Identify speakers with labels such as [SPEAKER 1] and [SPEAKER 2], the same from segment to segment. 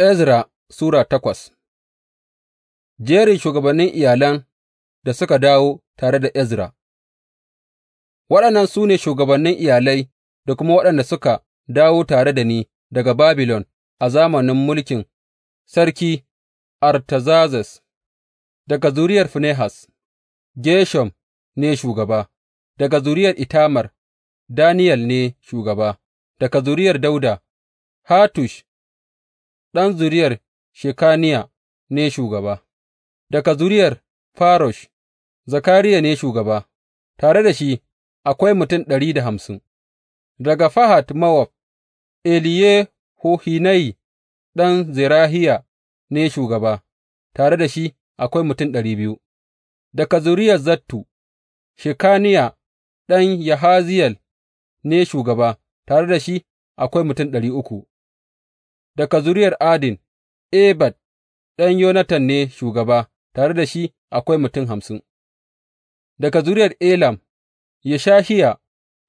[SPEAKER 1] Ezra Sura takwas Jerin shugabannin iyalan da suka dawo tare da Ezra Waɗannan su ne shugabannin iyalai da kuma waɗanda suka dawo tare da ni daga Babilon a zamanin mulkin Sarki Artazazes, daga zuriyar Finehas, Geshom ne shugaba, daga zuriyar Itamar, daniel ne shugaba, daga zuriyar Dauda, Hatush. ɗan zuriyar Shekaniya ne shugaba, daga zuriyar Farosh, Zakariya ne shugaba, tare da shi akwai mutum ɗari da hamsin, daga Fahat Mowab, Eliyehohenayi ɗan Zerahiya ne shugaba, tare da shi akwai mutum ɗari biyu, daga zuriyar Zattu, Shekaniya ɗan Yahaziyel ne shugaba, tare da shi akwai mutum ɗari uku. Daga zuriyar Adin, Ebed ɗan Yonatan ne shugaba, tare da shi akwai mutum hamsin; daga zuriyar Elam, Yeshahiya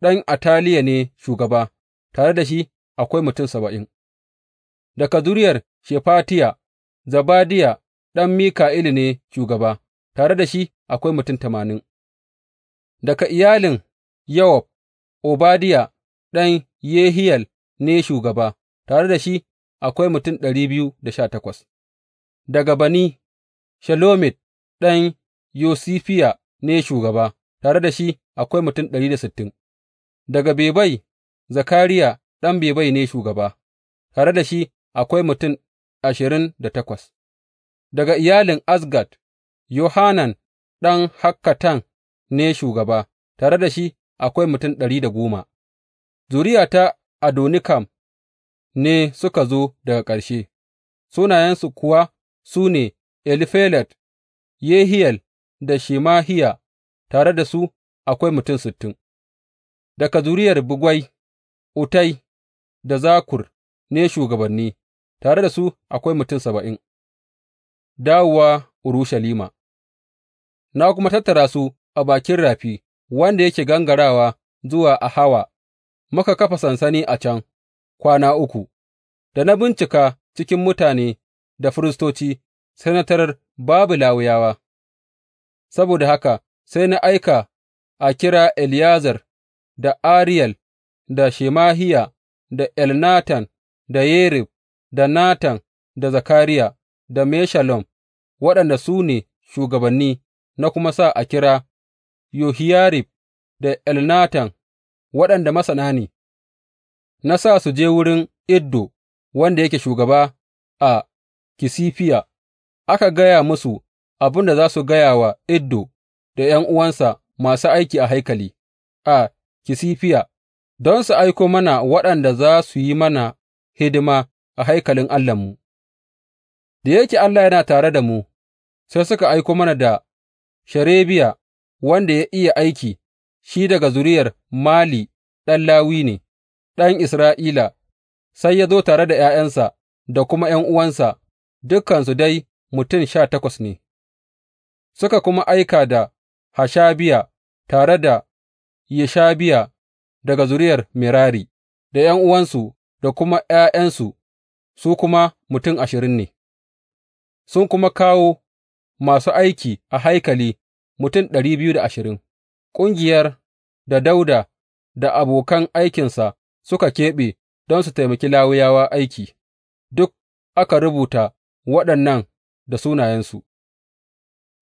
[SPEAKER 1] ɗan Ataliya ne shugaba, tare da shi akwai mutum saba'in; daga zuriyar Shefatiya, Zebadiya ɗan Mika’ilu ne shugaba, tare da shi akwai mutum tamanin; daga iyalin Yowab, Obadiya ɗan Yehiyel ne shugaba, tare da shi akwai mutum ɗari biyu da sha takwas, daga Bani, Shalomit ɗan Yosifiya ne shugaba, tare da shi akwai mutum ɗari da sittin, daga Bebai, Zakariya ɗan Bebai ne shugaba, tare da shi akwai mutum ashirin da takwas, daga iyalin Asgad Yohanan ɗan Hakkatan ne shugaba, tare da shi akwai mutum ɗari da goma, zuriya ta Adonikam ne suka zo daga ƙarshe, sunayensu kuwa su ne Elifelet, Yehiyel da Shemahiya, tare da su akwai mutum sittin, daga zuriyar Bugwai, Utai da Zakur ne shugabanni, tare da su akwai mutum saba'in. Dawowa Urushalima Na kuma tattara su a bakin rafi wanda yake gangarawa zuwa a hawa. muka kafa sansani a can. kwana uku, da na bincika cikin mutane da firistoci, sai na tarar babu Lawiyawa, saboda haka sai na aika a kira Eliyazar da ariel da Shemahiya da Elnatan da Yerib da Natan da Zakariya da meshalom waɗanda su ne shugabanni, na kuma sa a kira Yohiyarib da Elnatan, waɗanda masana ne. na sa su je wurin Iddo, wanda yake shugaba a Kisifiya, aka gaya musu abin da za su gaya wa Iddo da ’yan'uwansa masu aiki a haikali a Kisifiya, don su aiko mana waɗanda za su yi mana hidima a haikalin Allahnmu. Da yake Allah yana tare da mu, sai suka aiko mana da Sherebiya, wanda ya iya aiki, shi daga zuriyar Mali ɗan Lawi ne. ɗan Isra'ila, sai ya zo tare da ’ya'yansa da kuma ’yan'uwansa, dukansu dai mutum sha takwas ne, suka kuma aika da Hashabiya tare da Yeshabiya daga zuriyar Merari, da ’yan'uwansu da kuma ’ya'yansu, su kuma mutum ashirin ne, sun kuma kawo masu aiki a haikali mutum ɗari biyu da ashirin, ƙungiyar da Dauda da abokan aikinsa suka keɓe don su taimaki Lawiyawa aiki, duk aka rubuta waɗannan da sunayensu.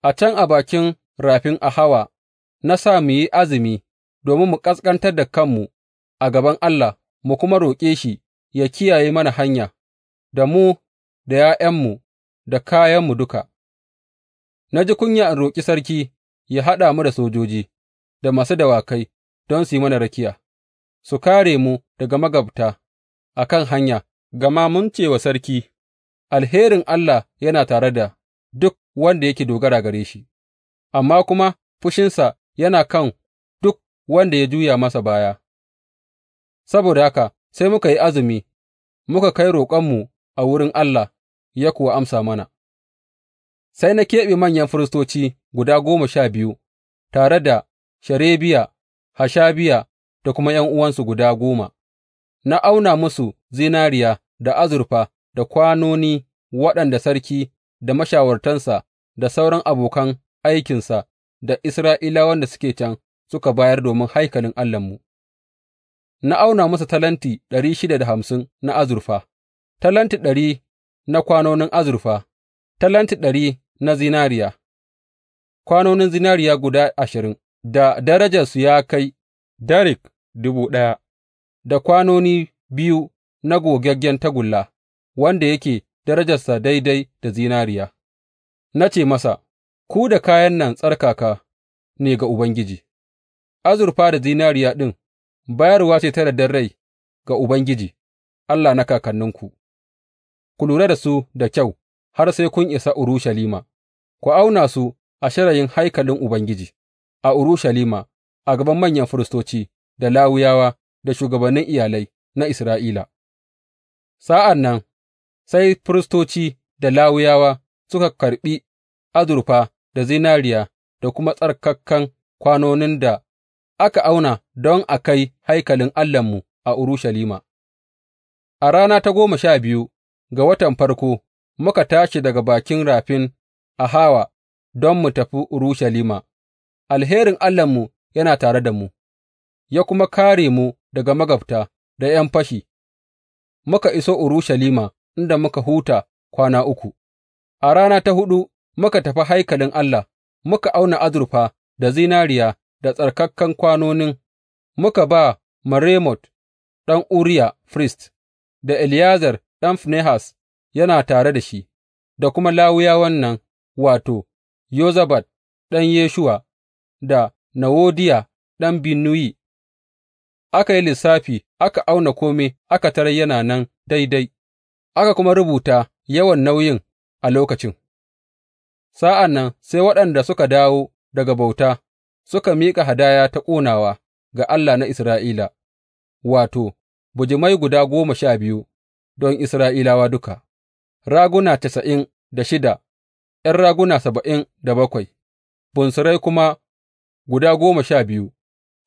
[SPEAKER 1] A can a bakin rafin Ahawa na sa mu yi azumi domin mu ƙasƙantar da kanmu a gaban Allah mu kuma roƙe shi ya kiyaye mana hanya, da mu, da ’ya'yanmu, da kayanmu duka. Na ji kunya in roƙi sarki ya haɗa mu da sojoji, da masu dawakai don su yi mana rakiya. su kāre mu daga magabta a kan hanya, gama mun ce wa sarki, Alherin Allah yana tare da duk wanda yake dogara gare shi, amma kuma fushinsa yana kan duk wanda ya juya masa baya. Saboda haka sai muka yi azumi, muka kai roƙonmu a wurin Allah, ya kuwa amsa mana. Sai na keɓe manyan firistoci guda goma sha biyu, tare da Sherebiya, Hashabiya da kuma ’yan'uwansu guda goma, na auna musu zinariya da azurfa da kwanoni waɗanda sarki da mashawartansa da sauran abokan aikinsa da Isra'ilawan da suke can suka bayar domin haikalin Allahnmu. Na auna musu talenti ɗari shida da hamsin na azurfa, talenti ɗari na kwanonin azurfa, talenti ɗari na zinariya, kwanonin zinariya guda ashirin da darajarsu ya kai darik dubu ɗaya, da kwanoni biyu na gogaggen tagulla wanda yake darajarsa daidai da zinariya, na ce masa, Ku da kayan nan tsarkaka ne ga Ubangiji, azurfa da zinariya ɗin bayarwa ce ta yardar rai ga Ubangiji, Allah na kakanninku, ku lura da su da kyau har sai kun isa Urushalima, ku auna su a shirayin haikalin Ubangiji a Urushalima a gaban manyan firistoci da Lawiyawa da shugabannin iyalai na Isra'ila, sa'an nan sai firistoci da Lawiyawa suka karɓi azurfa da zinariya da kuma tsarkakan kwanonin da aka auna don a kai haikalin Allahnmu a Urushalima, a rana ta goma sha biyu ga watan farko muka tashi daga bakin rafin a Hawa don mu tafi Urushalima, alherin Allahnmu yana tare da mu. ya kuma kāre mu daga magabta da ’yan fashi, muka iso Urushalima inda muka huta kwana uku, a rana ta huɗu muka tafi haikalin Allah, muka auna azurfa da zinariya da tsarkakan kwanonin, muka ba maremot ɗan Uriya frist da Eliyazar ɗan Finehas yana tare da shi, da kuma Lawuyawan nan, wato, Yozabad ɗan Yeshuwa da Nawodiya ɗan Binnuyi aka yi lissafi, aka auna kome, aka tarar yana nan daidai, aka kuma rubuta yawan nauyin a lokacin. Sa'an nan sai waɗanda suka dawo daga bauta suka miƙa hadaya ta ƙonawa ga Allah na Isra'ila, wato, bijimai guda goma sha biyu don Isra'ilawa duka, raguna casa'in da shida, ’yan raguna saba'in da bakwai, bunsurai kuma guda goma sha biyu.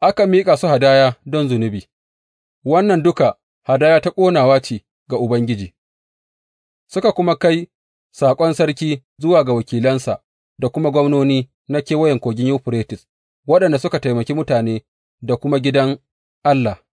[SPEAKER 1] aka miƙa su hadaya don zunubi, wannan duka hadaya ta ƙonawa ce ga Ubangiji, suka kuma kai saƙon sarki zuwa ga wakilansa da kuma gwamnoni na kewayen Kogin Yuferites, waɗanda suka taimaki mutane da kuma gidan Allah.